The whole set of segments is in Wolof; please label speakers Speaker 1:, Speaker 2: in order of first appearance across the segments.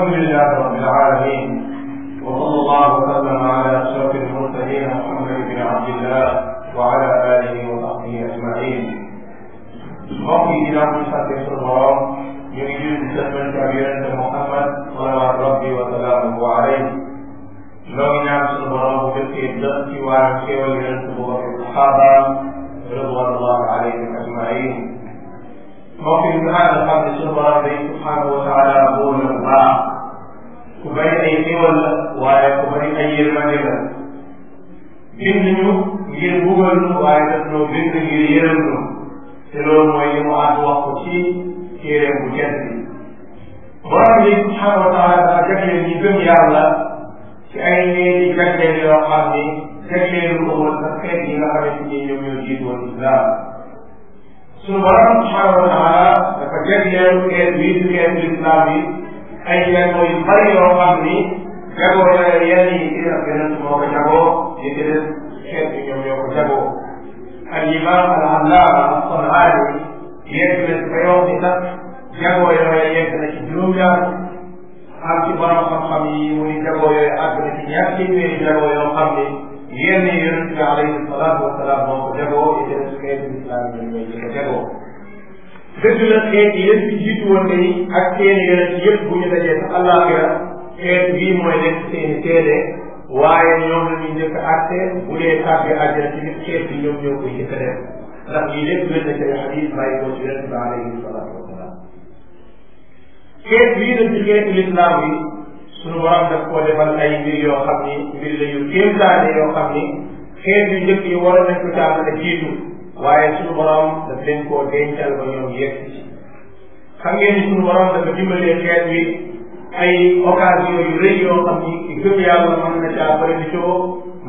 Speaker 1: الحمد لله رب العالمين وصلى الله وسلم على اشرف المرسلين محمد بن عبد الله وعلى اله وصحبه اجمعين mbokk yi dina am sant sunu borom ñu ngi jël sëlmal ci ab yonente Muhammad salawaat rabbi wa salaamuhu alayhi loo ngi ñaan sunu borom bu fekkee dëkk ci waa xéewal yonente bu ko saxaaba radwanallahu alayhim ajmain mbokk yi nga xam ne sunu borom day subhanahu wa taala boo leen baax ku bari ay xéwal la waaye ku bari ay yërmande la bind ñu ngir bugal nu waaye daf noo bind ngir yërëm nu te loolu mooy li mu ànd wax ko ci téeréem bu jant bi borom bi subhanahu wa taala dafa jagleel ñi gëm yàlla ci ay neeti jagleel yoo xam ni jagleelu ko woon sax xeet yi nga xamante ni ñoom ñoo jiit woon islam sunu borom subhanahu wa taala dafa jagleel xeet bii di xeet islam bi ay jagoo yu bari yoo xam ni jagoo yooyu yenn yi ci def beneen moo ko jagoo yi ci des xeet yi ñoom ñoo ko jagoo al imam al allaama as-San'aani yegg na ba yoon ni sax jagoo yooyu yegg na ci juróom-ñaar am ci borom xam-xam yi mu ni jagoo yooyu àgg na ci ñaar téeméeri jagoo yoo xam ni yenn yi yonent bi alayhi salaatu wasalaam moo ko jagoo yi ci des xeet islam yi ñoo ko jagoo dëgg la xeet yépp ci jiitu woon day ak seeni yonent yépp bu ñu dajee sax àllaaxira xeet bii mooy nekk seeni seede waaye ñoom la ñuy njëkk àtte bu dee tàbbi àjjana ci biir xeet bi ñoom ñoo koy njëkk a def ndax lii lépp wér na ci xadis bàyyi ko ci yonent bi alayhi salaatu wasalaam xeet bii nag ci xeetu lislaam bi suñu borom daf koo defal ay mbir yoo xam ni mbir la yu kéemtaane yoo xam ni xeet yu njëkk yi waroon nañ ko tàmbali jiitu waaye suñu borom daf leen koo dencal ba ñoom yegg ci xam ngeen ni suñu borom dafa dimbalee xeet wi ay occasion yu rëy yoo xam ni ci gëm yàlla mën na caa profitoo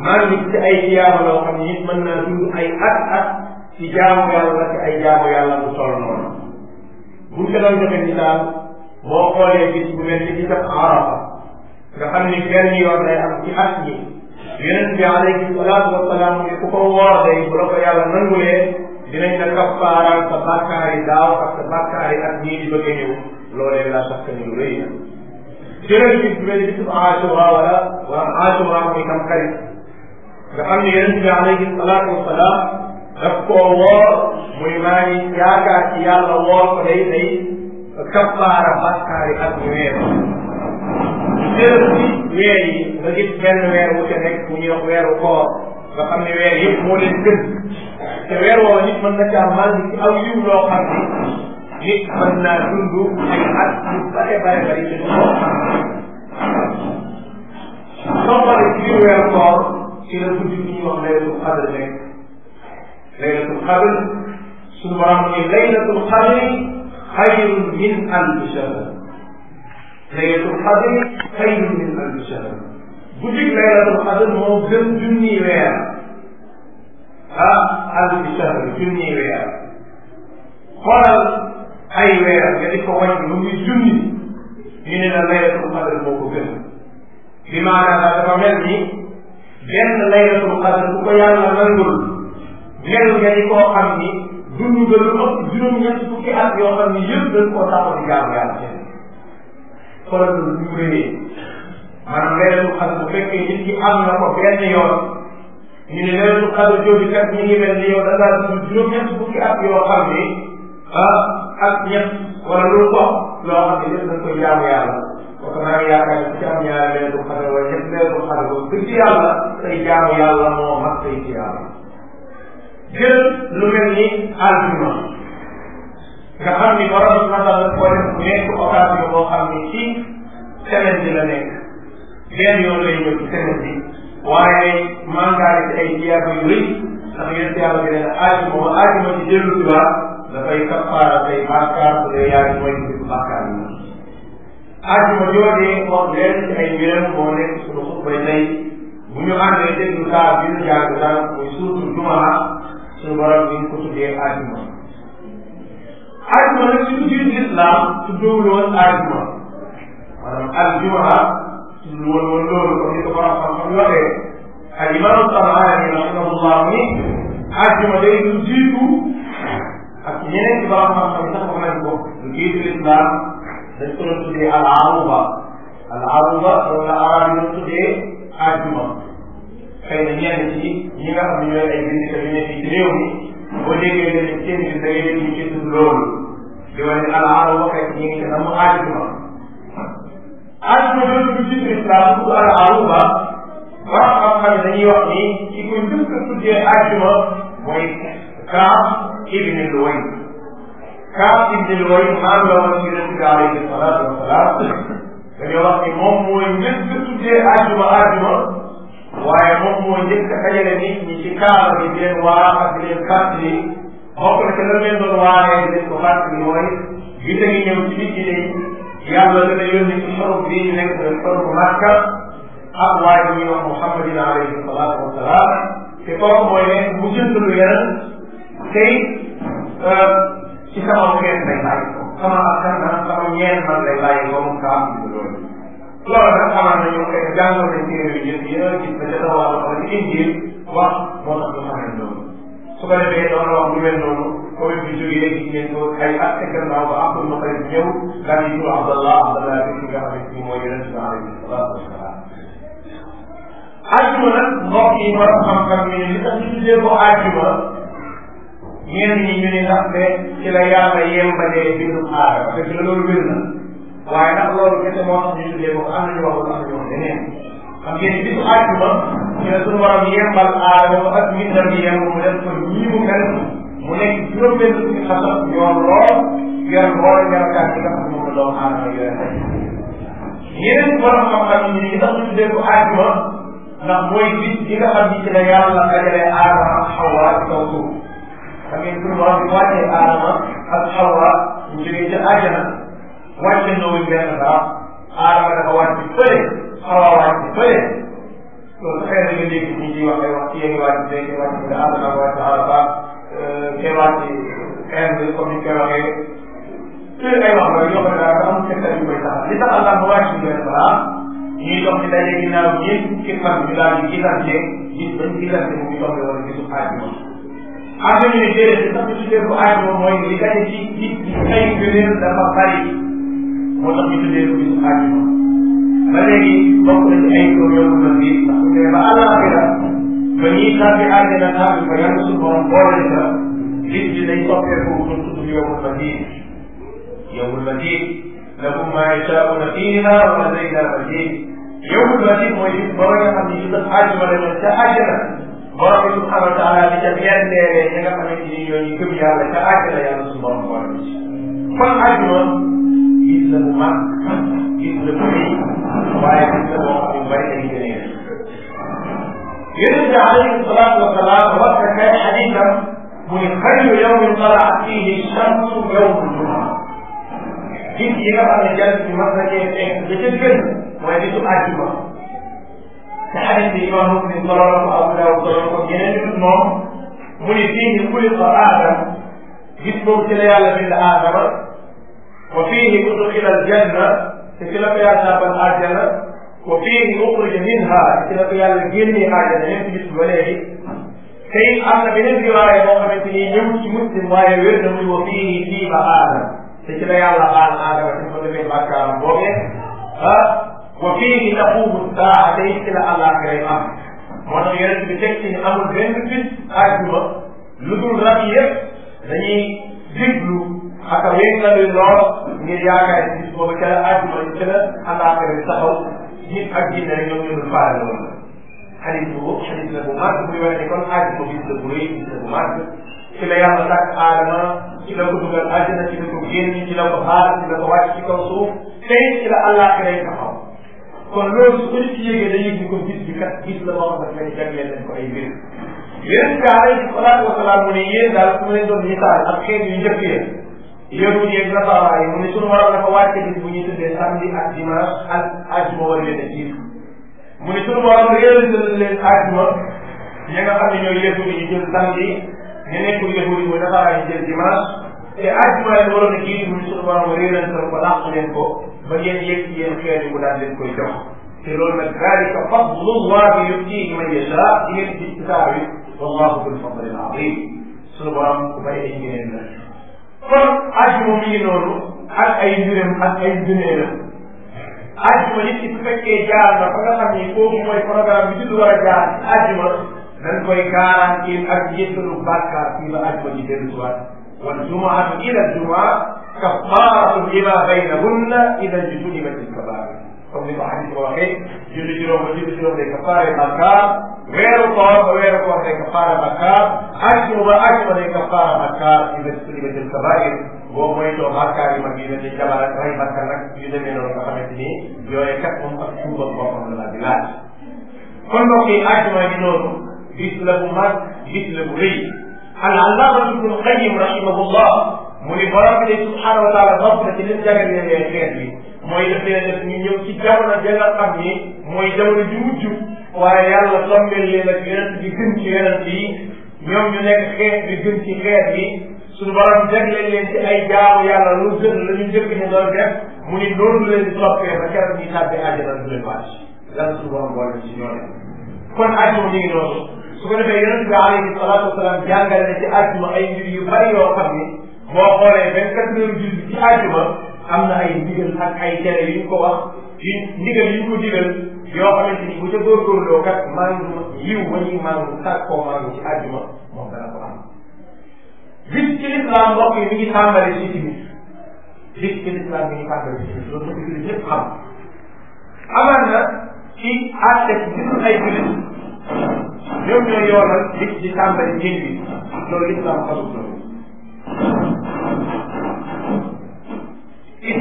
Speaker 1: maa ngi ci ay tiyaaba loo xam ni nit mën naa dund ay at at ci jaamu yàlla ci ay jaamu yàlla bu toll noonu buñ ko doon joxe misaal boo xoolee bis bu mel ni ci sax arafa nga xam ni benn yoon day am ci at yi yonent bi alayhi salaatu wasalaam ne ku ko woor day bu la ko yàlla nangulee dinañ la kafaaraal sa bàkkaar yi daaw ak sa bàkkaar yi ak ñii di bëgg a ñëw loolee laa sax que ni lu rëy la jëral bis bu mel bisub Ashura wala wala Ashura muy tam xarit nga xam ne yonent bi alayhi salaatu wasalaam daf koo woor muy maa ngi yaakaar ci yàlla woor ko day day kafaara bàkkaar yi ak ñu weer tëral ci weer yi nga gis benn weer wu ca nekk bu ñuy wax weeru koor nga xam ne weer yëpp moo leen gën te weer woowa nit mën na caa màgg ci aw yiw loo xam ne nit mën naa dund ay at yu bare bare bari ci koor soo xoolee ci biir weeru koor ci la guddi bi ñuy wax laylatul xadr nekk laylatul xadr suñu borom ni laylatul xadri xayrun min alfi shahr laylatul qadr xayrun min alfi shahr guddi laylatul qadr moo gën junni weer ah alfi shahr junni weer xoolal ay weer nga di ko wàññi lu muy junni ñu ne la laylatul qadr moo ko gën bi maanaam dafa mel ni benn laylatul qadr bu ko yàlla nangul mel nga di koo xam ni dund nga lu ëpp juróom-ñetti fukki at yoo xam ni yëpp dañ koo taxaw di jaamu yàlla xoolal lu ñu réyee maanaam weeru xadar bu fekkee nit ki am na ko benn yoon ñu ne weeru xadar jooju kat ñu ngi mel ni yow da ngaa dund juróom-ñett fukki at yoo xam ne ah ak ñett wala lu ko loo xam ne dañ koy jaamu yàlla parce que maa ngi yaakaar ne ci am ñaari weeru xadar wala ñett weeru xadar boobu dëgg yàlla say jaamu yàlla moo mat say ci yàlla jël lu mel ni àdduna nga xam ni borom subhanahu wa taala koo def mu nekk occasion boo xam ni ci semaine bi la nekk benn yoon lay ñëw ci semaine bi waaye mangaari ci ay jiyaaba yu rëy ndax yéen yàlla bi nee na aajuma wa aajuma ci dellu si baax dafay kafaara say bàkkaar bu dee yaa ngi mooy nit bàkkaar yi aajuma joojee wax leen ci ay mbiram moo nekk suñu xutbay tey bu ñu àndee déglu saa bi ñu jàng daan muy surtout jumaa suñu borom bi ñu ko tuddee aajuma ajuma nag ci biir lislaam tuddul woon ajuma maanaam aljuma tuddul woon woon loolu comme ni ko borom xam-xam waxee al imam Tabarani rahimahullah ni ajuma day lu jiitu ak ñeneen ci borom xam-xam sax wax nañ ko lu jiitu lislaam dañ ko doon tuddee al aruba al aruba wala arab yi tuddee ajuma xëy na ñenn ci ñi nga xam ne ñooy ay bindika yu nekk ci réew mi boo déggee ne seen da ngay dégg ñu ci loolu di wane ne alaara boo fekk ñu ngi ci am ajjuma ajjuma loolu du ci islam bu alaaru ba wax xam-xam dañuy wax ni ci ko njëkk a tuddee ajjuma mooy Kaab ibn Luwayt Kaab ibn Luwayt maam la woon ci Yonent bi alayhi salaatu wa salaam dañoo wax ni moom mooy njëkk a tuddee ajjuma ajjuma waaye moom moo njëkk a dajale nit ñi ci Kaaba bi di leen waa ak di leen fàttali bokk na ci lan ngeen doon waaree di leen ko fàttali mooy gis ngi ñëw ci nit ñi ne yàlla dana yónni ci xarub bii ñu nekk xarubu Makka ak waaye bu ñuy wax Muhammadin alayhi salaatu wa salaam te kooku mooy ne mu jënd lu yaram tey ci sama xeet lay bàyyi ko sama askan na sama ñeen man lay bàyyi ko mu kaa am loolu loolu nag amaan na ñoom kay jàngal nañ téere yu yëpp yëpp gis na ca dawaa la xam ne Injil wax moo tax ñu xamee loolu su ko defee doon wax lu mel noonu Covid bi jógee gis ngeen ko ay at gannaaw ba Abdul Muttalib ñëw daal di tudd Abdallah Abdallah bi nga xamante ni mooy yonent bi alayhi salaatu wasalaam. ajjuma nag mbokk yi war a xam-xam ne li tax ñu tuddee ko ne ndax de ci la yàlla yembalee bindum aada parce que loolu wér na waaye ndax loolu kese moo tax ñu tuddee ko am nañu wax am nañu wax xam ngeen bisu àjjuma ci la suñu borom yembal aadama ak mbindam yem mu def ko ñii mu mel mu nekk juróom-benn suñu xasab yoon lool yor lool melokaan bi nga xam ne moom la doomu aadama yore yeneen borom xam-xam yi ñu tax ñu tuddee ko àjjuma ndax mooy bis bi nga xam ni ci la yàlla dajale aadama ak xawwa ci kaw suuf xam ngeen suñu borom bi wàccee aadama ak xawwa ñu jógee ca àjjana wàcce noonu benn barab aadama dafa wàcc fële xaw a wàcc fële loolu xëy na nga dégg ñu ciy wax ay wax kii yëngu wàcc tey kii wàcc nga ànd ak wàcc Arafa kii wàcc Inde comme ni koy waxee yooyu ay wax loolu yoo xam ne daal dafa am secteur yu koy taxal li tax Allah ba wàcc ñu leen balaa ñuy dox ci daje ginnaaw ñëpp ci fan bi daal di gisante gis bañ gisante mu ngi tombé woon gisu aajuma aajuma yi déedéet li tax ñu tuddee ko aajuma mooy li daje ci gis ay gëneel dafa bari moo tax ñu tuddee ko gisu aajuma ba léegi bokk na ci ay tur yow mën bi ndax bu demee ba àllaaxira ba ñuy tàbbi àddina tàbbi fa yàlla suñu borom boole la nit ñi day soppeeku bu ñu tudd yow mën bi yow mën bi lahum ma yashaa'una fiiha wa ladaynaa maziid yow mën bi mooy li borom nga xam ne ñu def aaj wala ñoom ca àjjana borom bi subhaanahu wa taala di ca yendeeree ñi nga xamante ni ñoo ñu gëm yàlla ca àjjana yàlla suñu borom boole ci kon àjjuma gis la bu mag gis la bu waaye duñ ko wax ñu bari dañ ko neex yonente alayhi salaatu wasalaam wax na kay xadiisam mu ne xayru yawmin talaat fiihi shamsu yawmul jumaa bis yi nga xam ne jant bi mas na cee fekk ba ca gën mooy bisu àjjuma te xadiis bi imam muslim solo la ko abu daawud solo ko yeneen yu moom mu ne fiihi xuliqa aadam bis boobu ci la yàlla bind aadama wa fiihi udxila aljanna te ci la ko yàlla saabal àjjana wa fiihi uxrija minha ci la ko yàlla génnee àjjana ñeen ci bis ba léegi te it am na beneen riwaaya boo xamante ni ñëw ci muslim waaye wér na muy wa fiihi fiiba aadam te ci la yàlla aal aadama te fa demee bàkkaaram boobee ah wa fiihi taqumu saa te it ci la àllaaxiray am moo tax yonent bi teg ci ni amul benn bis àjjuma lu dul rab yëpp dañuy déglu ak wéy na leen lool ngir yaakaar ci bis boobu ca la àdduna yi ca la àllaaxira bi taxaw nit ak jinne rek ñoom ñoo faale loolu xadis bu xadis la bu màgg muy wane ni kon àdduna bis la bu rëy bis la bu màgg ci la yàlla sàkk aadama ci la ko dugal àddina ci la ko génn ci la ko xaar ci la ko wàcc ci kaw suuf tey ci la àllaaxira yi taxaw kon loolu su ko nit ci yégee day yëg ni ko bis bi kat bis la boo xam ne jagleel nañ ko ay mbir yéen bi alayhi salaatu wasalaam mu ne yéen daal su ma leen doon misaal ak xeet yu njëkk yéen yahud yeeg nasaara yi mu ne suñu waral dafa wàcce bis bu ñuy tuddee samedi ak dimanche ak ajuma war leen a jiitu mu ne suñu waral réalisé na leen ajuma ñi nga xam ne ñooy yahud yi jël samedi ñu nekkul yahud yi muy nasaara yi jël dimanche te ajuma leen waroon a jiitu mu ne suñu waral réalisé na ko làq leen ko ba ngeen yegg ci yéen xeer yi mu daal leen koy jox te loolu nag dalika fadlullahi yutiihi man yashaa di ngeen ci saa wi wallahu dul fadlil azim suñu borom ku bari ay ngeen la kon ajjuma mi noonu ak ay mbiram ak ay gëneelam ajjuma nit ki su fekkee jaar na ba nga xam ni foofu mooy programme bi judd a jaar ci ajjuma dañ koy garantir ak jéggalu bàkkaar fii ba ajjuma ji dellusiwaat wal jumaatu ila jumaa kafaaratu lima baynahunna ida jtunibat al kabaa'ir comme ni ko xadis ba waxee julli juróom ba julli juróom day kafaare bakkaar weeru koor ba weeru koor day kafaare bakkaar ajjuma ba ajjuma day kafaare bakkaar yu des li nga jël kabaayir boo moytoo bakkaar yi mag yi dañuy jabar ak rey bakkan nag yu demee noonu nga xamante ni yooyu kat moom ak tuuba boppam la di laaj kon mbokk yi ajjuma gi noonu bis la bu mag bis la bu rëy al allaama ibnu Qayyim rahimahullah mu ni borom bi subhanahu wa taala bopp na ci lim jagal leen xeet bi mooy daf leen def ñu ñëw ci jamono ja nga xam ni mooy jamono ju mujj waaye yàlla sommel leen ak yonent bi gën ci yonent yi ñoom ñu nekk xeet bi gën ci xeet bi suñu borom jagleel leen ci ay jaamu yàlla lu gën la ñu njëkk ñu doon def mu ni noonu leen di toppee ba keroog ñu tàbbi àjjana du leen wàcc yàlla suñu borom boole ci ñoo kon ajjuma mi ngi noonu su ko defee yonent bi alayhi salaatu wasalaam jàngale na ci ajjuma ay mbir yu bari yoo xam ni boo xoolee vingt quatre heures julli ci ajjuma am na ay ndigal ak ay tere yu ñu ko wax yu ndigal yu ñu ko digal yoo xamante ni bu ca góorgóorloo kat mangu yiw ba ñuy mangu sàkkoo mangu ci àjjuma moom dana ko am bis ci lislaam mbokk yi mi ngi tàmbali ci timis bis ci lislaam mi ngi tàmbali ci timis loolu ko jullit ñëpp xam amaan na ci àtte ci gisul ay jullit ñoom ñooy yoonal bis ci tàmbali jën bi loolu lislaam xamul loolu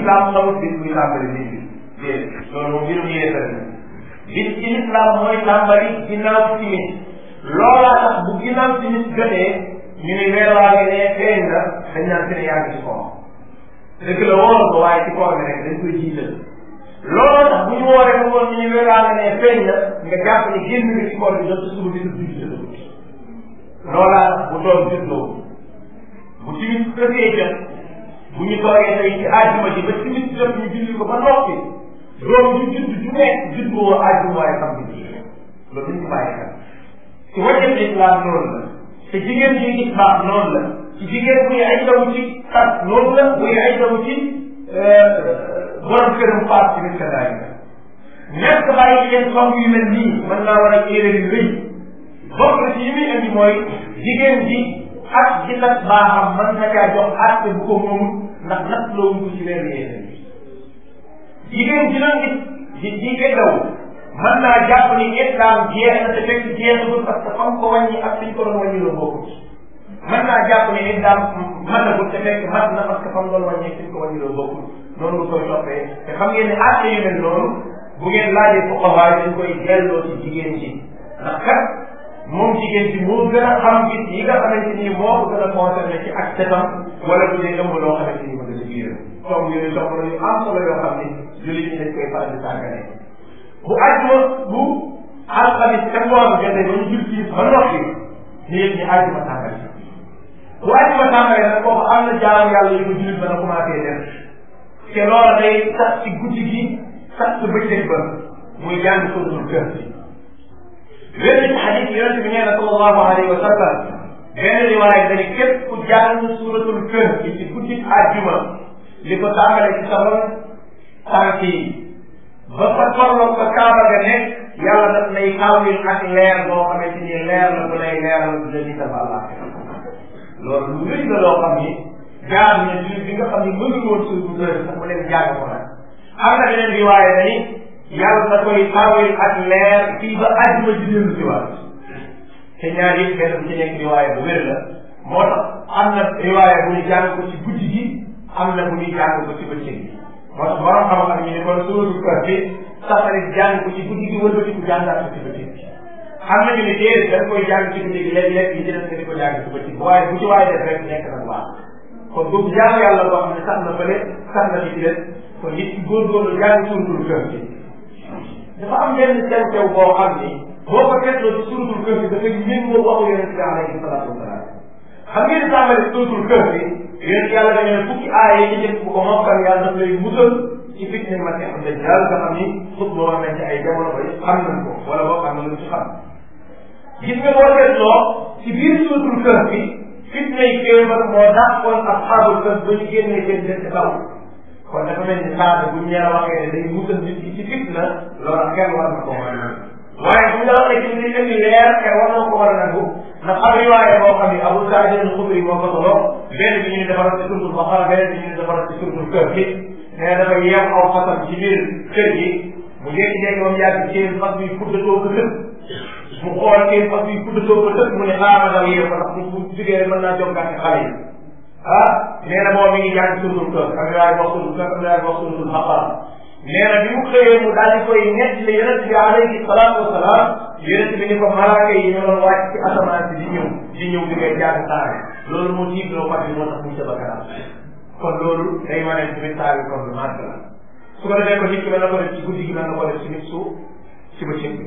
Speaker 1: islam xamul bis buy tàmbali nit ñi déedéet loolu moom mbirum yéefar la bis ci islam mooy tàmbali ginnaaw timis loolaa tax bu ginnaaw timis jotee ñu ne weer waa ngi ne feeñ na dañ naan seen yàgg ci koor dëgg la woon ko waaye ci koor bi rek dañ koy jiital looloo tax bu ñu wooree ba woon ñu ne weer waa ngi ne feeñ na nga jàpp ni génn nga ci koor bi jot suba bi du loolaa tax bu doon juddoo bu timis jotee jot bu ñu toogee tey ci àjjuma ji ba timis jot ñu julli ko ba noppi doom ju judd ju nekk judd woo àjjuma waaye xam nga ji loolu dañ ko bàyyi xel ci wàcceel islam noonu la te jigéen ñi gis baax noonu la ci jigéen buy ay daw ci la buy ay daw ci euh, borom këram la nekk bàyyi leen song yu mel nii mën naa war a yére yu rëy bokk na ci yi muy indi mooy ji ak di nag baaxam mën na a jox àtte bu ko moomul ndax nag loo ko ci weer yéene jigéen dina gis di jiite daw mën naa jàpp ni islam jeex na te fekk jeexagul parce que fam ko wàññi ak suñ ko doon wàññi la bokku mën naa jàpp ni islam mën na gul te fekk na parce que fam doon wàññi suñ ko wàññi la bokku noonu nga koy toppee te xam ngeen ne àtte yu mel noonu bu ngeen laajee fuqahaa dañ koy delloo ci jigéen ji ndax kat moom jigéen ci moo gën a xam gis yi nga xamante ni moo ko gën a concerné ci ak setam wala bu dee ëmb loo xamante ni ma gën a jiiram tomb yooyu tomb la yu am solo yoo xam ni jullit ñi dañ koy faral di sàggane bu àjjuma bu alxamis ca ngoon jotee ba ñu jul ci ba noppi nit ñi àjjuma sàngale bu àjjuma sàngale nag boobu am na jaam yàlla yu ko jullit mën a commencé def te loola day sax ci guddi gi sax ci bëccëg ba muy jàng suratul kahf ne yonent bi nee na sallallahu alayhi wa sallam benn riwaaya dañu képp ku jàng suuratul kër yi ci guddi àjjuma li ko tàmbale ci sama tànk yi ba fa tolloog ba kaaba ga nekk yàlla daf lay xawil ak leer boo xamante ni leer la bu lay leeral du la nital Allah loolu lu rëy la loo xam ni jaar na ci bi nga xam ni mënuñu woon suñu dër sax mu leen jàng ko nag am na beneen riwaaya dañu yàlla da koy xawil ak leer fii ba àjjuma ji dellu si waat te ñaar yëpp benn bu ci nekk bu wér la moo tax am na riwaaya bu ñu jàng ko ci guddi gi am na bu ñuy jàng ko ci bëccëg bi moo tax borom xam-xam ñu ne kon sóoru kahfi safari jàng ko ci guddi gi wala ci jàngaat ko ci bëccëg bi xam nañu ne déedéet dañ koy jàng ci gi léeg-léeg yi jëlee ko ci bëccëg bi waaye ci waaye def rek nekk na baax kon boobu jaamu yàlla boo xam ne sax na fële sax na ci ci des kon nit ki góorgóorlu jàng sóoru kahfi dafa am benn sew boo xam ni boo ko seetloo ci suuratul Kahf bi dafay méngoo waxu yonente bi alayhi salaatu wasalaam xam ngeen ni tàmbali suuratul Kahf bi yonente yàlla dañu ne fukki aaya yi njëkk bu ko mokkal yàlla daf lay musal ci fitne Masiix Dajjaal nga xam ni xutba wax nañ ci ay jamono ba yëpp xam nañ ko wala boo xam nañ ci xam gis nga boo seetloo ci biir suuratul Kahf bi fitne yi kéemal moo dàqoon asxaabul Kahf ba ñu génnee seen dëkk taw kon dafa mel ni saada bu ñu ñeer a waxee ne day musal nit ki ci fitna loolu kenn war na ko mën waaye bu ñu la waxee ci li indi leer te war na ko war a nangu ndax am riwaaye boo xam ne Abu Saïd al-Xudri moo ko solo benn bi ñu ne defaral ci suratul Baqara benn bi ñu ne defaral ci suratul Kahf gi nee dafa yeew aw fasam ci biir kër gi mu jékki-jékki ba mu yàgg seen fas bi fuddatoo ko tëb mu xool seen fas bi fuddatoo ko tëb mu ne xaaral daal yeew ko ndax bu jugee rek mën naa jongaat xale yi ah nee na moom mi ngi jàng suratul Kahf am riwaaye boo suratul Kahf am riwaaye boo suratul Baqara nee na bi mu xëyee mu daal di koy nettali yonent bi alayhi salaatu wasalaam yonent bi ni ko malaaka yi ñoo doon wàcc ci asamaan si di ñëw di ñëw di ngay jàng saare loolu moo tiib loo fàtte moo tax muy tabakaraat kon loolu day wane ni tamit saare kon lu màgg la su ko defee ko nit ki mën na ko def ci guddi gi mën na ko def ci nit su ci bëccëg bi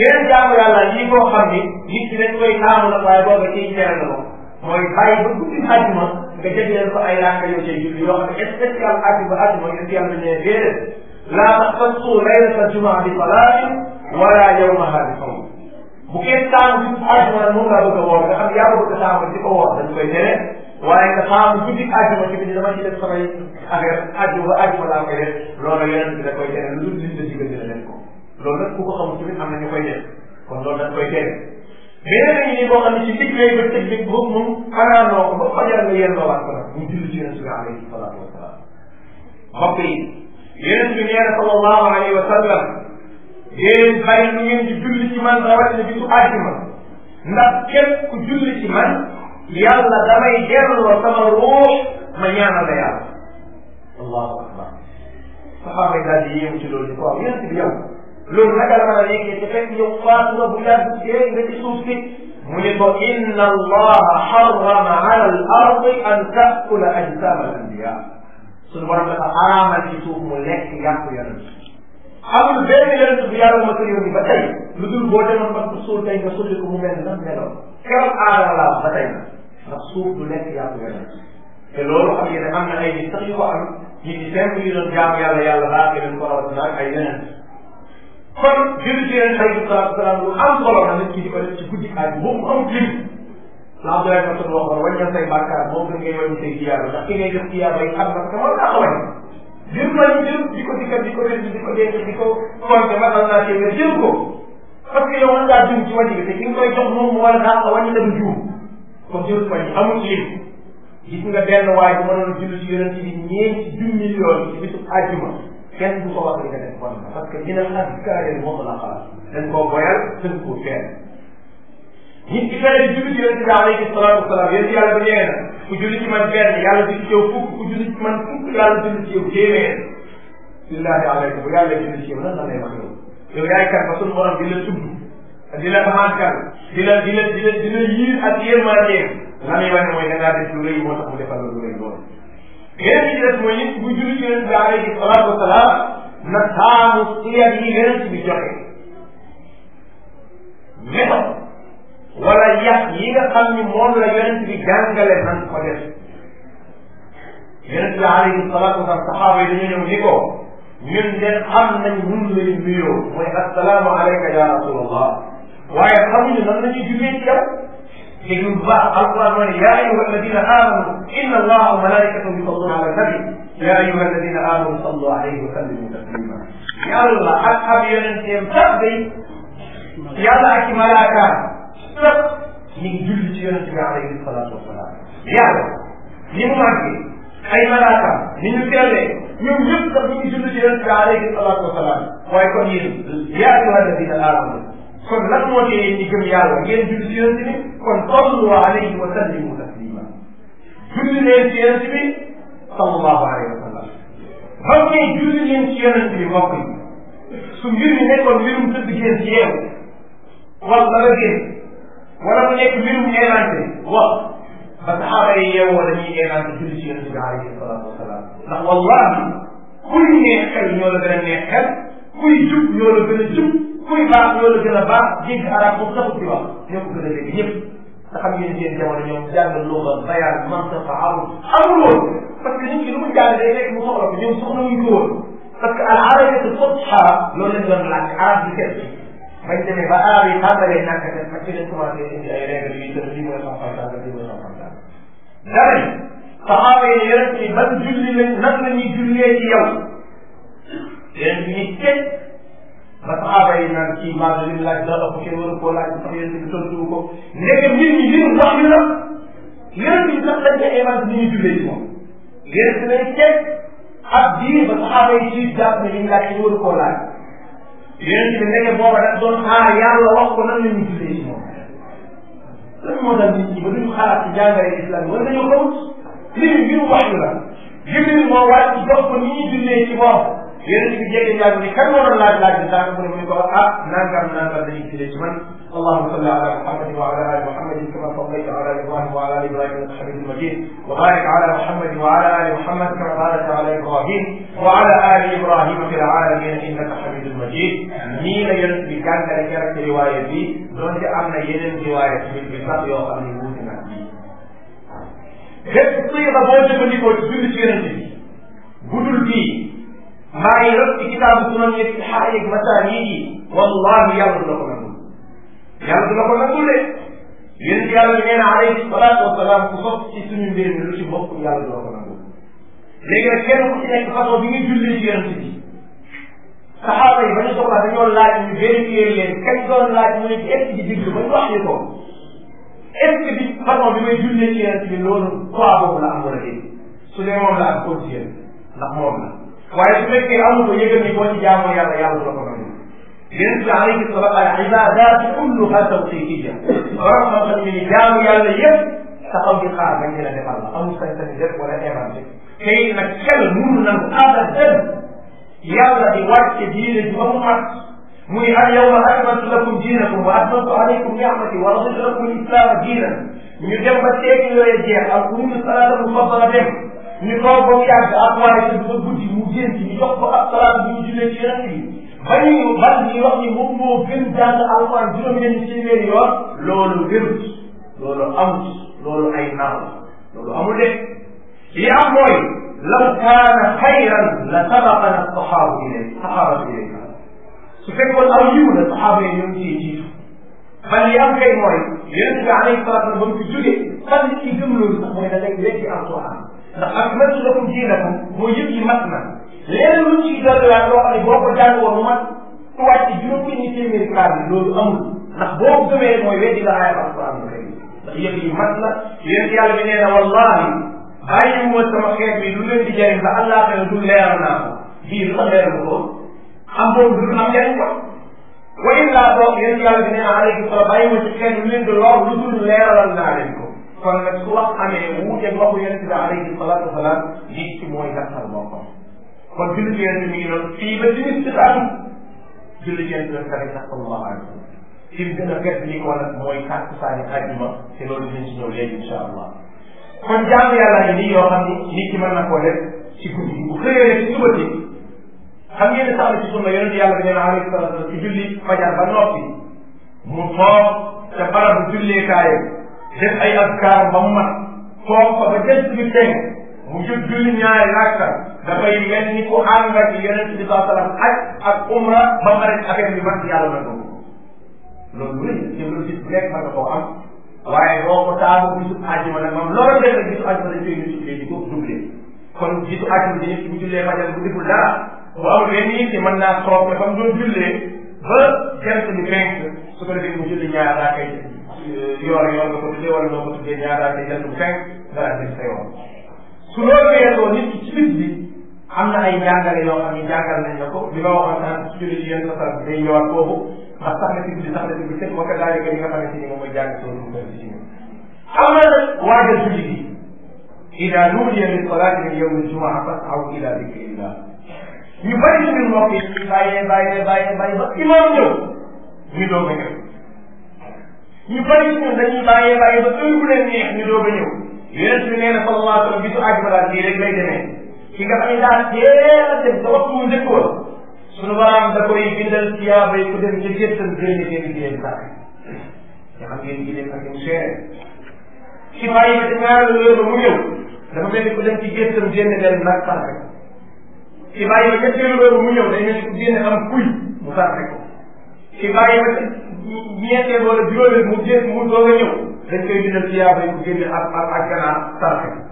Speaker 1: yeneen jaamu yàlla yi koo xam ni nit ki dañ koy taamu nag waaye booba ciy teel la mooy bàyyi ba guddi àjjuma nga jël leen ko ay laaka yoo cay julli yoo xam ne spécial àjjuma àjjuma yonent yàlla ne déedéet laa taxtassu laylatal jumaa bi salaatin wala yawmaha bi sawm bu kenn taamu ci àjjuma moom laa bëgg a woor nga xam yaa bëgg a taamu di ko woor dañ koy tere waaye nga taamu guddi àjjuma ci bi dama ci def samay affaire àjjuma àjjuma laa koy def loolu yeneen bi da koy tere lu dul liñ la digal dina def ko loolu nag ku ko xamul tamit am na ñu koy def kon loolu dañ koy tere beneen ngi nii boo xam ne ci digg yooyu ba tëj boobu moom fanaanoo ko ba fajar nga yelloowaat ko nag mu julli ci yonent bi alayhi salaatu wasalaam mbokk yi yonent bi nee na sallallahu alayhi wa sallam déedéet bàyyi lu ngeen di julli ci man rawatina bisu àjjuma ndax képp ku julli ci man yàlla damay delloo sama ruux ma ñaanal la yàlla allahu akbar saxaaba yi daal di yéemu ci loolu ko waaw yonent bi yow loolu naka la mën a nekkee te fekk yow faatu nga bu yàgg see nga ci suuf si mu ne ko inna allaha harrama ala al ardi an taakula ajsama al anbiya sunu borom dafa araamal ci suuf yàq yonent amul benn yonent bu yàlla ma sa yónni ba tey lu dul boo demoon ba suul tey nga sulli ko mu mel na meloon keroog aada laa ba tey ndax suuf du lekk yàq yonent te loolu xam ngeen ne am na ay nit sax yu ko am nit ñi simple yu doon jaamu yàlla yàlla baax leen ko rawatina ak ay yonent kon julli ci yonent alayhi salaatu salaam lu am solo la nit ki di ko def ci guddi aaj bu mu am lim la Abdoulaye Massoud waxoon waññal say bàkkaar moom gën ngay wàññi say jiyaaba ndax ki ngay def jiyaaba yi xam nga ko war naa ko wàññi biir mooy jël di ko dikkal di ko wér di ko denc di ko compté matal naa téeméer jël ko parce que yow mën ngaa juum ci wàññi bi te ki nga koy jox moom mu war a tax a wàññi dem juum kon jël wàññi amul ci lim gis nga benn waay bu mënoon a julli ci yonent bi ñeenti junni yoon ci bisu àjjuma kenn du ko wax li nga def bon parce que dina askan leen moom la xalaat dañ koo boyal dañ koo teel nit ki fere julli ci yonente bi alayhi salaatu wasalaam yéen yàlla bi nee na ku julli ci man benn yàlla julli ci yow fukk ku julli ci man fukk yàlla julli ci yow téeméer billahi alaykum bu yàlla julli ci yow nan la lay wax yow yow yaay kan ba sunu borom di la tudd di la baxaankal di la di la di la di la yiir ak yërmandeem la muy wax mooy da ngaa def lu rëy moo tax mu defal la lu rëy lool yeneen bi ci des mooy nit bu julli ci yonente bi alayhi salaatu wasalaam na saamu siyat yi yonente bi joxe méthode wala yàq yi nga xam ni moom la yonent bi jàngale nan ko def yonent bi alayhi salaatu wasalaam saxaaba yi dañu ñëw ni ko ñun de xam nañ nun lay nuyoo mooy assalaamu alayka ya rasulallah waaye xamuñu nan la ñuy jugee ci yow te ñu baax alquran moo ne yaa ayuha alladina amanu inna allaha wa malaikatahu yusalluna ala nabi yaa ayuha alladina amanu sallu alayhi wa sallimu taslima yàlla ak ab yonenteem sax day yàlla ak malaakaam fépp ñu ngi julli ci yonente bi alayhi salaatu wasalaam yàlla ni mu màggee ay malaakaam ni ñu sellee ñoom ñëpp sax ñu ngi julli ci yonente bi alayhi salaatu wasalaam waaye kon yéen yaa ayyuha alladina aamanu kon lan moo tee ñi gëm yàlla ngeen julli ci yonente bi kon sallu alayhi wa sallimu taslima julli leen ci yonente bi sallallahu alayhi wa sallam ba ngeen julli leen ci yonente bi mbokk yi su mbir mi nekkoon mbirum tëdd ngeen ci yeew wala la génn wala mu nekk mbirum élancer wax ba saxaaba yi yeewoo dañuy élancer julli ci yonente bi alayhi salaatu wasalaam ndax wallahi kuy neex xel ñoo la gën a neex xel kuy jub ñoo la gën a jub kuy baax ñoo la gën a baax dégg arab moom saxu ci wax ñoo ko gën a dégg ñëpp te xam ngeen seen jamono ñoom jàng luga bayaan mantaqa amul amul woon parce que nit ki lu mu jàng day nekk mu soxla ko ñoom soxla wuñ ko woon parce que al arabiyatu fotxa loolu lañ doon laaj arab bi set bañ demee ba arab yi tàmbalee ñàkk a def nag ci lañ commencé indi ay règle yu tëdd lii mooy soxal sànq lii mooy soxal sànq dama ni saxaaba yi yonent bi ban julli lañ nan la ñuy jullee ci yow yonent bi ni tëj ba saxaaba yi naan kii maa ngi leen laaj dara ko kenn waru koo laaj sax yonent bi tontu ko nekk nit ñi li mu wax yu la yonent bi sax lañ koy évangé ni ñuy jullee ci moom yonent bi lay tëj ab diir ba saxaaba yi ci jàpp ne li ñu laaj kenn waru koo laaj yonent bi nekk booba daf doon xaar yàlla wax ko nan la ñuy tuddee ci moom lan moo tax nit ñi ba duñu xalaat ci jàngale islam wala dañoo xamut lii mbiru waxyu la jibril moo wàcc jox ko ni ñuy tuddee ci moom yonent bi jege jàng ni kan moo doon laaj laaj bi sànq mu ne mu ne ko ah nangam nangam dañuy tuddee ci man اللهم صل على محمد وعلى ال محمد كما صليت على ابراهيم وعلى ال ابراهيم انك حميد مجيد وبارك على محمد وعلى ال محمد كما باركت على ابراهيم وعلى ال ابراهيم في العالمين انك حميد مجيد nii la yonent bi gàngale keroog ci riwaaya bi donte am na yeneen riwaaya ci bi sax yoo xam ne wuute na lépp suy la boo jëfandikoo ci julli ci yonent bi budul bii maa ngi rëb ci kitaabu sunan yi xaar yeeg masaa yi wallahi yàlla na ko nangu yàlla du la ko nangul de yéen yàlla bi nee na alayhi salaatu wasalaam ku sopp ci suñu mbir mi lu ci bokk yàlla du la ko nangul léegi nag kenn ku ci nekk façon bi ngay julli ci yonent bi saxaaba yi ba ñu soxlaa dañoo laaj ñu vérifier mu ne ci est ce que digg ba ñu wax ñu ko est ce que bi façon bi may jullee ci yonent bi loolu trois boobu la am wala déet su dee moom la am continuer ndax moom la waaye su fekkee amu ko yëgal ni boo ci jaamoo yàlla yàlla du la ko yonent alayhi salaam al ibadat kulluha tawqifiyya borom xam-xam ñu ni jaamu yàlla yëpp taxaw di xaar bañ la defal la amul sañ-sañ def wala inventé tey nag xel mënul nangu abadan yàlla di wàcce diine ji ba mu mat mu ni al yawma akmaltu lakum diinakum wa atmamtu alaykum ni'mati wa raditu lakum al islaama diinan ñu dem ba seeti yooyu jeex ak wuñu salaata mu faddala dem ñu toog ba mu yàgg ak waaye ba guddi mu génn ci ñu jox ko ab salaat bu ñu jullee ci yonent yi ba ñu ban ñi wax ni moom moo gën jàng alxuraan juróomi nañu téeméeri yoon loolu wérut loolu amut loolu ay naaw loolu amul de li am mooy law kaana xayran la sabaqana saxaabu ilay saxaabatu ilay su fekkoon aw yiw la saxaaba yi ñoom ciy jiitu man li am kay mooy yonente bi alayhi salaatu wasallam ba mu fi jógee fan ci gëm loolu sax mooy da ngay lekk alxuraan ndax ak man su lakum diinakum mooy yëpp yi mat na leneen luñ ciy jotalaat loo xam ne boo ko jàngoon mu mat wàcc juróom-benni téeméeri kaar bi loolu amul ndax boo gëmee mooy weddi la aaya alquran karim ndax yëf yi mat na yéen yàlla bi nee na wallahi bàyyi ma sama xeet bi lu leen di jëriñ ba àllaaxira du leeral naa ko bii la leeral ko loolu xam boobu du am jëriñ ko wa illaa boog yéen yàlla bi nee na alayhi salaam bàyyi ma ci xeet lu leen di lor lu dul leeralal naa leen ko kon nag su wax amee mu wuuteeg waxu yonente bi alayhi salaatu wasalaam lii ci mooy gàttal boppam kon jullit yonent mi ngi doon fii jullit yonent la sax sallallahu alayhi wa sallam fi mu gën a fett ni ko nag mooy tàkkusaani àjjuma loolu dinañ ci ñëw léegi incha allah kon jaamu yàlla ni nii yoo xam na koo def ci guddi bu xëyee rek ci suba si xam ngeen ne sax la ci sunna yonent yàlla bi nee na alayhi salaatu wa salaam ci julli fajar ba noppi mu toog te barabu julleekaayam def ay askaaram ba mu mat toog fa ba jël suñu teg mu jóg julli ñaari rakka dafay mel ni ku ànd ak yonent bi saa salaam aj ak umra ba pare affaire bi man yàlla na ko loolu lu rëy te loolu gis bu nekk mën na koo am waaye boo ko taamu bisu àjjuma nag moom loolu def rek bisu àjjuma dañ koy multiplier di ko doubler kon bisu àjjuma dañu ci bu jullee fajar bu deful dara bu amul benn nit ci mën naa soog ne ba mu doon jullee ba jant bi fenk su ko defee mu julli ñaar daa koy euh, yoor yoon nga ko tuddee wala noo ko tuddee ñaar daa koy jant fenk dara def sa yoon su loolu weesoo nit ki am na ay jàngale xam ne jàngal nañ la ko li ma waxoon naan su julli ci yenn saa day ñëwaat foofu ndax na ci guddi sax na ci bëccëg li nga xamante ni moom mooy jàng soo dugg ci ñun. am na nag li salaati min yawmi jumaa fas'aw ila dikrillah ñu bari ci ñun mbokk yi bàyyee bàyyee bàyyee bàyyi ba imaam ñëw ñu doog a ñëw ñu bari ci ñun dañuy bàyyee bàyyi ba heure bu leen neex ñu doog a ñëw yonent bi nee na sallallahu alayhi wa sallam bisu àjjuma lii rek lay ki nga xam ne daa teel a dem ba waxtu wu njëkkoon sunu boroom da koy bindal tiyaaba yi ku dem ci gëstal béykat yi di leen sàkk nga xam ngeen di leen sàkk mu seere ci bàyyi ba ñaari loolu mu ñëw dafa mel ni ku dem ci gëstal génn leen nag sàkk ci bàyyi ba ñetteelu loolu mu ñëw day mel ni ku génn am kuy mu sàkk ko ci bàyyi ba ñeenteel wala juróomeel mu génn mu doog a ñëw dañ koy bindal tiyaaba yi ku génn ak ak ak ganaar sàkk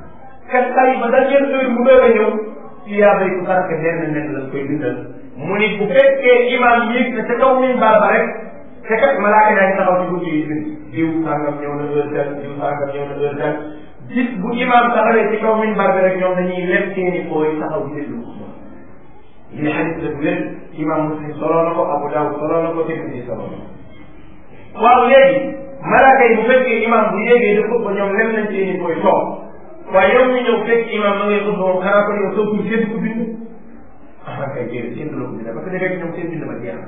Speaker 1: nga tay ba da ngeen mu doog a ñëw tiyaaba yi bu barke benn nekk lañ koy bindal mu ni bu fekkee imaam yéeg na ca kaw min baal ba rek te kat malaaka yaa ngi taxaw ci buntu yi bind diw sàngam ñëw na heure tel diw sàngam ñëw na heure tel bis bu imaam taxawee ci kaw min baal ba rek ñoom dañuy leb seeni fooy taxaw ci déglu li xadis la bu wér imaam muslim soloo na ko abu daawud soloo na ko tirmidi soloo na waaye yow mi ñëw fekk imam ma ngay xutba moom xanaa kon yow soo tur kenn ko bind ah kay jéem kenn du la ko bind parce que dafay ñoom seen bind ma jeex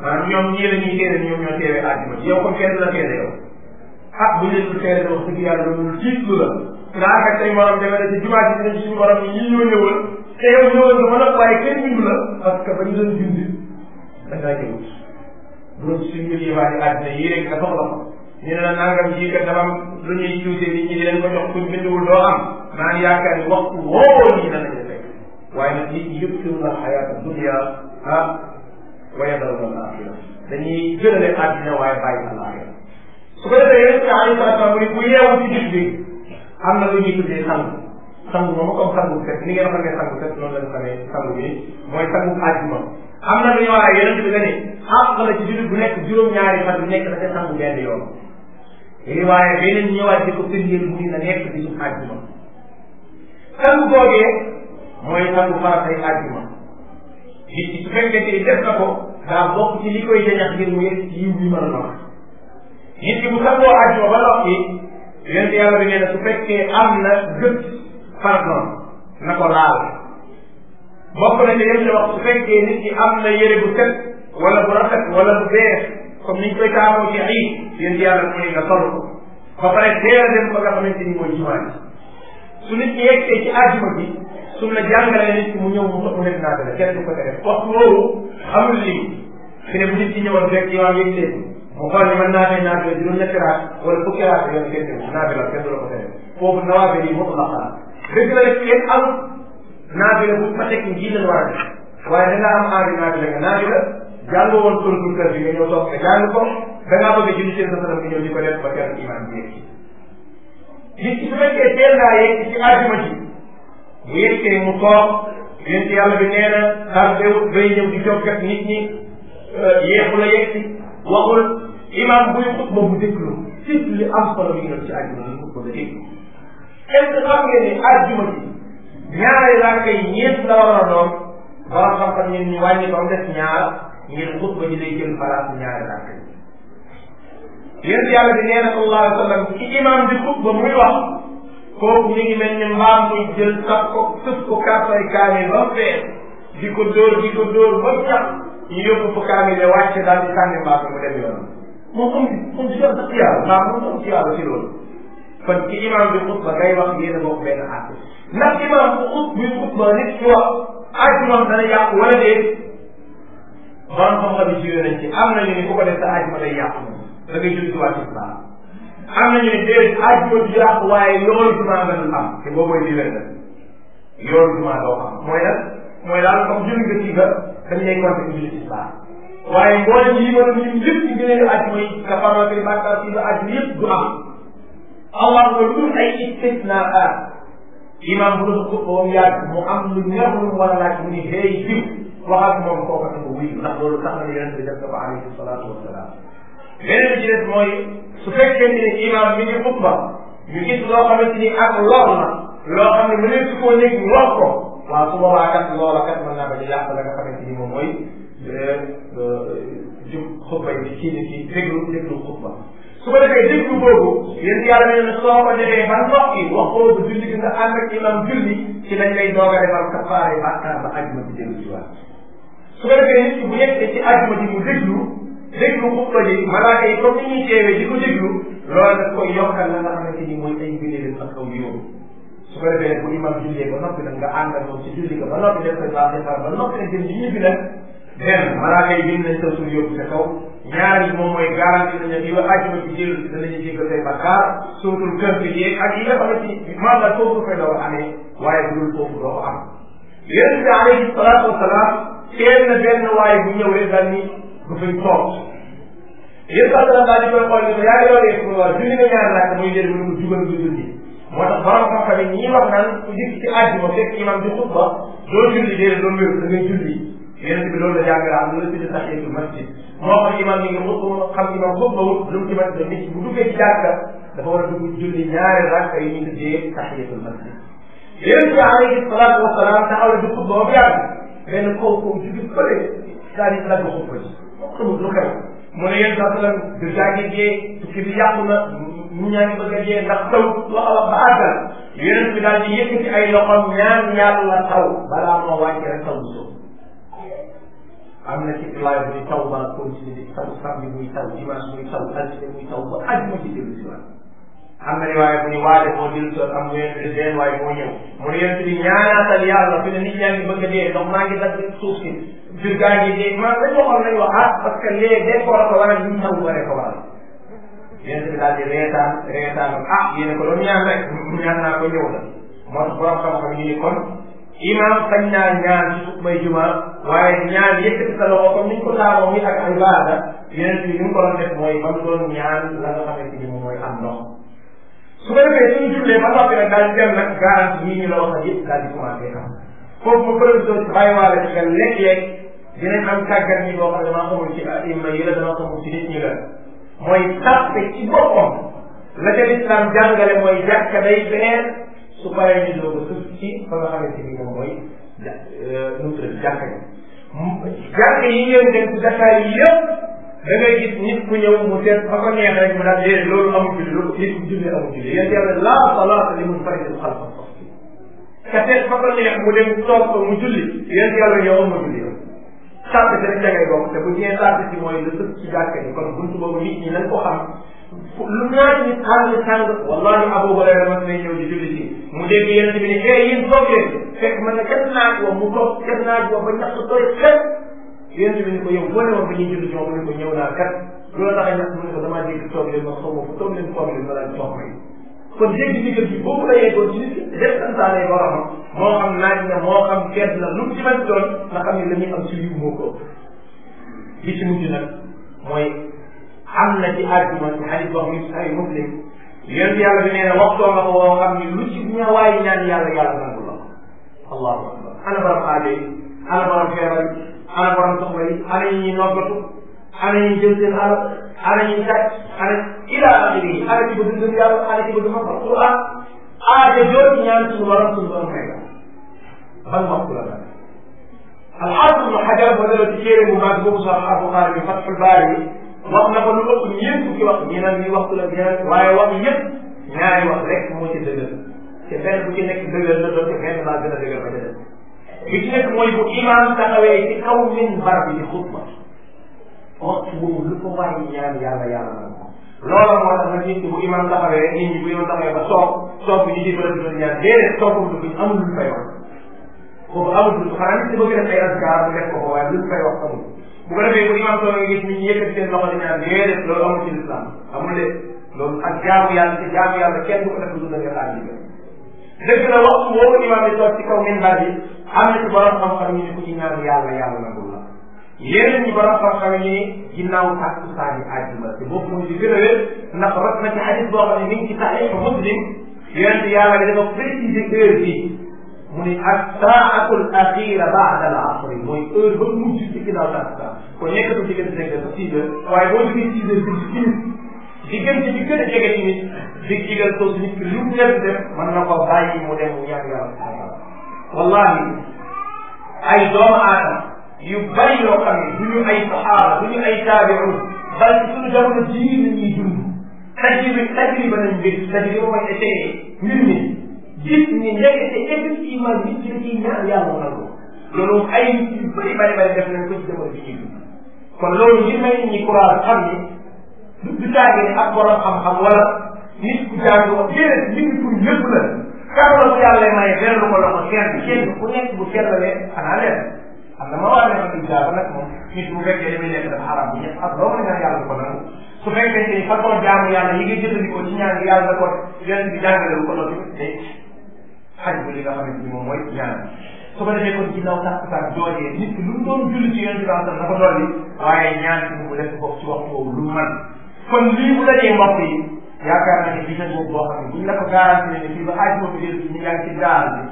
Speaker 1: maanaam ñoom ñii la ñuy teere ñoom ñoo teewee àjjuma yow kon kenn du la teere yow ah bu leen lu teere wax dëgg yàlla loolu jiitu la nga ak ak say morom demee na ci jumaa ji dinañ suñu morom yi ñii ñoo ñëwal te yow ñëwal nga mën a waaye kenn bindu la parce que ba ñu doon bind da ngaa ñëwut bu doon suñu mbir yi waa ji àddina yi rek dafa xam ñu ne la nangam jii kat dafa am lu ñuy tuuse nit ñi di leen ko jox kuñ binduwul doo am maa ngi yaakaar ni waxtu woo lii danañu fekk waaye nag nit ñi yëpp siruna xayaata dunia ah wayadaluna alaaxira dañuy gënale àddina waaye bàyyi alaaxira su ko defee yéen ca ay façon bu bu yeewu ci gis bi am na lu ñuy tuddee sangu sangu moom comme sangu set ni ngeen xamee sangu set noonu lañ xamee sangu bi mooy sangu àjjuma am na lu ñu wax yeneen bi nga ne xaq ah, la ci jullit bu nekk juróom-ñaari fan nekk na ca sangu benn yoon riwaaye day leen ñëwaat di ko firndeel muy na nekk di ñu àjjuma sangu googee mooy sangu faratay àjjuma nit ki su fekkee def na ko daa bokk ci li koy jañax ngir mu yëg yiw bi mën a nox nit ki bu sangoo àjjuma ba noppi yonent yàlla bi nee na su fekkee am na gët faratoon na ko laal bokk na ci leen wax su fekkee nit ki am na yére bu set wala bu rafet wala bu bees comme niñ koy taaroo ci ay yéen yàlla mu ne nga sol ko ba pare dem ba nga ni mooy jumaa su nit ki yegsee ci àjjuma bi suñ nit ki mu ñëw mu mu nekk naata la kenn du ko tere waxtu nit ki ñëwoon rek yow am yëg mu xool ni man naa ne naata la juróom ñetti raat wala la kenn du la ko tere foofu nawaabe yi moom la xaar dëgg la am naata la ma teg njiit la waaye da nga am aari naata la jàngoo woon tontu kër gi nga ñëw toog nga jàng ko da ngaa bëgg seen sasanam nga ñëw di ko def ba bi yegg ci nit ki su fekkee teel naa yegg ci àjjuma ji bu yeggee mu toog yéen ci yàlla bi nee na xar béw bay ñëw di jokkat nit ñi euh, yeexu la yegg ci waxul imaam buy bu déglu surtout li am solo mi ngi doon ci àjjuma ñu xutba la déglu est-ce que xam ngeen ni àjjuma ji ñaari laa koy la war a doon borom xam-xam ngir xutba ji day jël place ñaari rakk yi yéen yàlla bi nee na sallallahu alayhi wa sallam ci imam di xutba muy wax kooku mi ngi mel ni mbaam muy jël sax ko sëf ko kaasay kaamil ba fees di ko dóor di ko dóor ba ñax ñu yóbbu ko kaamil ne wàcce daal di sànni mbaam mu dem yoonam moom xam si xam si def sax yàlla mbaam moom xam si yàlla ci loolu kon ci imam bi xutba ngay wax yéen a bokk benn àtt ndax imam bu xut buy xutba nit ci wax ay imam dana yàqu wala borom xam-xam yi jiwee nañ ci am nañu ne ku ko def sa ajuma day yàqu da ngay julli tubaab ci tubaab am nañu ne déedéet ajuma du yàqu waaye yoolu jumaa nga dul am te boobu mooy diwén la yoolu jumaa doo am mooy lan mooy daal comme julli nga ci nga dañ lay compter julli ci tubaab waaye mboolem yi doon lim lépp ci gëneelu ajuma yi nga faral di bàkkaar ci lu aju yëpp du am Allah ko dul ay istisnaat imam bu doon ko yàgg mu am lu neexul wala laaj mu ni hey jiw waxaat moom kooka ne ko wuyu ndax loolu tax na yonent bi def na ko alayhi salaatu wasalaam beneen bi ci mooy su fekkee ni imaam mi ngi xutba ñu gis loo xamante ni ak lor na loo xam ne mënees su koo nekk lor ko waaw su boobaa kat loola kat mën naa ba di yàq la nga xamante ni moom mooy euh, euh, jub xutba yi di kii ni kii déglu déglu xutba su ko defee déglu boobu yéen yàlla nee na soo ko defee ban noppi wax boobu julli nga ànd ak imam julli ci lañ lay doog a defal kafaare bàkkaar ba ajuma bi dellu su ko defee nit ki bu yegsee ci àjjuma ji mu déglu déglu xutba ji malaaka yi comme ni ñuy teewee di ko déglu loolu daf koy yokkal la nga xamante ni mooy ay ngëneelam ak aw yoon su ko defee bu imam jullee ba noppi nag nga àndal moom ci julli nga ba noppi def ko baax defar ba noppi nag dem ci ñibbi nag benn malaaka yi bind nañ sa suñu yóbbu sa bi moom mooy garanti nañ ne yow àjjuma ci jël danañu jéggal say bakkaar suutul kër bi yeeg ak yi nga xamante ni maanaam foofu fay doo amee waaye bu dul foofu kenn benn waaye bu ñëw rek daal ni du fay toog yéen sax dana daal di koy xool ni ko yaa ngi loolee pour moo tax borom yi ñi wax naan ku dikk ci àjjuma fekk imam di xutba doo julli déedéet doo wér da ngay julli yéen bi loolu la jàngale am loolu la tudde tahiyatul masjid moo xam imam yi nga xutba xam imam xutba wut lu mu ci man da nit bu duggee ci jàkka dafa war a dugg julli ñaari rakka yi ñu tuddee tahiyatul masjid yéen bi alayhi salaatu wasalaam taxaw di xutba ba mu benn kaw kaw ci biir bële daal di dagg ko fële xamul lu xew mu ne yéen sax lan du jaage jee tukki bi yàqu na ñu ñaa ngi bëgg a jee ndax taw lu xaw a ba àggal yonent bi daal di yëkkati ay loxoom ñaan yàlla taw balaa moo wàcc rek taw bu soo am na ci riwaaya bi taw ba continué di taw samedi muy taw dimanche muy taw altine muy taw ba àjjuma ci dellu si waat am na riwaaya bu ñu waate moo dil so am wéen deen waaye moo ñëw mu ne yéen bi ñaanaatal yàlla fi ne nit ñaa ngi bëgg a dee donc maa ngi dagg suuf si jur gaa ngi dee man dañoo xam nañu waxaat ah, parce que lee day ko war a ko waral ñu taw ko rek ko waral yéen bi daal di reetaan reetaan ah yéen ko doon ñaan rek mu ñaan ko ñëw la moo tax borom xam ni kon imaam sañ naa ñaan ci xutbay juma waaye ñaan yëkkati sa loxo comme niñ ko taamoo mi ak ay baada yéen bi ni mu ko doon def mooy ba su ko defee suñu jullee ba noppi nag daal di dem nag garanti yii ñu la wax ak yëpp daal di commencé am foofu mu profité ci bàyyiwaale ah ci gan léeg-léeg dinañ am imma yi la damaa xamul ci nit ñi la mooy sàppe ci boppam la ca lislaam jàngale mooy jàkka day beneen su paree ñu doog a suuf ci fa nga xamante mooy ja euh, nu mu tudd jàkka yi jàkka yi ngeen dem ci Dakar la ngay gis nit ku ñëw mu seet ba ko neex rek mu daal dee loolu julli loolu nit ku julli amul julli yéen yàlla laa salaata li mun faridil xalfa ka seet ba ko neex mu dem toog ko mu julli yéen yàlla yow am na julli yow sàrt si rek da ngay bokk te bu ñee sàrt si mooy la sëpp ci jàkka kon buntu boobu nit ñi nañ ko xam lu naan nit àll sàng wallahi Abu Hurayra mas na ñëw di julli si mu dégg yéen bi ne eh yéen toog leen fekk man ne kat naaj wa mu toog kat naaj wa ba ñax doy xel yéen bi ñu ko yow boole woon ba ñuy jënd ñoom mu ne ko ñëw naa kat loolu tax a ñàkk mu ne ko damaa dégg toog leen ma xaw ma fu toog leen toog leen ma daal toog leen kon dégg ndigal bi boobu la yeggoon ci nit ki def santaane boromam moo xam naaj na moo xam kees na lu mu ci mën doon nga xam ne la ñuy am ci yiw moo ko li ci mujj nag mooy am na ci argument ci xarit wax mi ay muslim yéen yàlla bi nee na waxtoo na ko woo xam ni lu ci ñawaay ñaan yàlla yàlla nangu la allahu akbar ana borom aajo yi ana borom feebar ana borom soxla yi ana ñi noppatu ana ñi jël seen alal ana ñi sàcc ana ila axiri ana ci bëgg ngëm yàlla ana ci bëgg xam Alquran ah, aaja jooju ñaan suñu borom suñu borom may la ban waxtu la nag alxaafis ibnu xajar ba dara ci téere bu mag boobu sax alxaar bi fatxul baari bi wax na ko lu ëpp ñeent fukki wax ñi naan lii waxtu la ñeneen waaye wax yëpp ñaari wax rek moo ci dëgër te benn bu ci nekk dëgër la doon te benn laa gën a dëgër ba ca des bi ci nekk mooy bu imaam taxawee ci kaw minbar bi di xutba waxtu boobu lu ko waay ñaan yàlla yàlla na ko loola moo tax nag nit ñi bu imaam taxawee nit ñi bu imaam taxawee ba soog soog bi ñu jéem a def doon ñaan déedéet soog bu dugg amul lu fay wax foofu amul lu xanaa nit ñi bëgg def ay askar def ko ko waaye lu fay wax amul bu ko defee bu imaam toogee gis nit ñi yëkkati seen loxo di ñaan déedéet loolu amul ci lislaam amul de loolu ak jaamu yàlla ci jaamu yàlla kenn du ko def lu dul da nga laaj dëgg la waxtu woowu imaam di toog ci kaw minbar bi am na ci borom xam-xam ñu ne ku ci ñaan yàlla yàlla nangul la yéen ñi borom xam-xam ñu ne ginnaaw takkusaani te boobu mooy li gën a wér ndax rot na ci hadis boo xam ne mi ngi ci Sahih Muslim yonent yàlla bi dafa préciser heure bi mu ne ak saatul axira baada al asri mooy heure ba mujj ci ginnaaw takkusaan kon nekkatu diggante cinq heures six heures waaye boo jógee six heures bi ci diggante bi gën a jege ci nit di digal soo nit ki lu mu def def mën na ko bàyyi mu dem ñaan yàlla wallahi ay doomu aadama yu bari yoo xam ne du ñu ay saxaaba du ñu ay taabiun bal ci suñu jamono jii la ñuy dund tajriba tajriba nañ mbir tajriba mooy essayé mbir mi gis ni ndekete effectivement nit ki da ciy ñaan yàlla mu nangu loolu ay nit yu bari bari bari def nañ ko ci jamono bi ñuy dund kon loolu li may nit ñi courage xam ni du du tàggee ak borom xam-xam wala nit ku jàng wax déedéet nit ku ñëpp la kàddu yàlla may dellu ko loxo kenn kenn ku nekk bu sellalee xanaa leen xam nga ma waa nekk di jaaba nag moom nit bu fekkee li muy nekk dafa xaraam bi ñëpp ak loolu nga yàlla ko nangu su fekkee ni façon jaamu yàlla yi nga jëfandikoo ci ñaan gi yàlla ko yonent bi jàngale ko loolu day xaj bu li nga xamante ni moom mooy ñaan su ko defee kon ginnaaw tàkkusaan joojee nit ki lu mu doon julli ci yonent bi sallam na ko dolli waaye ñaan ci mu def bokk ci waxtu woowu lu man kon lii bu dajee mbokk yi yaakaar naa ne vision boobu boo xam ne buñ la ko garanti ne fii ba àjjuma bi déllu ñu yaa ngi ci daal bi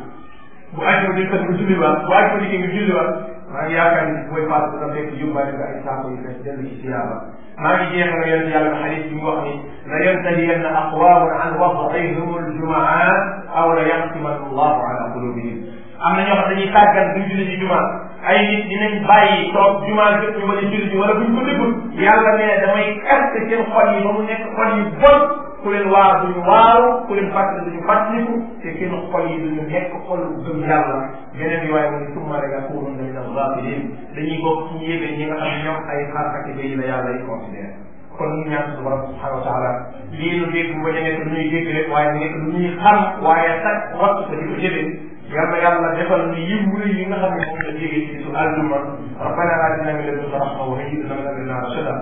Speaker 1: bu àjjuma bi kat nga julliwaat bu àjjuma dikkee nga julliwaat maa ngi yaakaar ne booy pass dana fekk yóbbaale nga ay saako yu fees dellu ci siyaaba maa ngi jeexal ak yonent yàlla xalis bi mu wax ni la yantahiyanna aqwaamun an wadaihim aljumaa aw la yaxtiman allahu ala qulubihim am na ñoo xam dañuy tàggat duñ julli ci jumaa ay nit dinañ bàyyi toog jumaa jot ñu wala julli ji wala buñ ko déggul yàlla nee damay kaste seen xol yi ba mu nekk xol yu bon ku leen waar duñu waaru ku leen fàttali duñu fàttaliku te seen xol yi duñu nekk xol bu gëm yàlla beneen bi waaye mu ne summa rek ak kurum dañ nag rapidin dañuy bokk ci yéegee ñi nga xam ne ñoom ay xarxati bay la yàlla yi considéré kon ñu ñaan suñu borom subhanahu wa taala lii nu dégg ba ñu nekk lu ñuy dégg rek waaye mu nekk lu ñuy xam waaye sax wattu sa di ko jëlee yàlla yàlla defal ni yiw wu yi nga xam ne moom la jege ci su àdduma rabbana atina min ladunka rahma wa hayyi lana min amrina rashada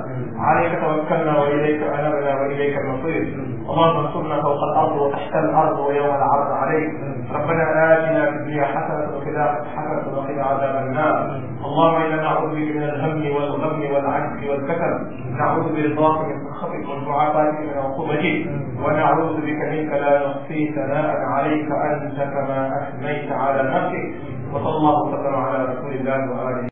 Speaker 1: alayka tawakkalna wa ilayka anabna wa ilayka al-masir اللهم انصرنا فوق الارض وتحت الارض ويوم العرض عليك ربنا اتنا في الدنيا حسنه وفي الاخره حسنه وقنا عذاب النار اللهم انا نعوذ بك من الهم والغم والعجز والكسل نعوذ برضاك من سخطك ومعافاتك من عقوبتك ونعوذ بك منك لا نحصي ثناء عليك انت كما اثنيت تعالى نفسه وصلى الله وسلم على رسول الله
Speaker 2: وآله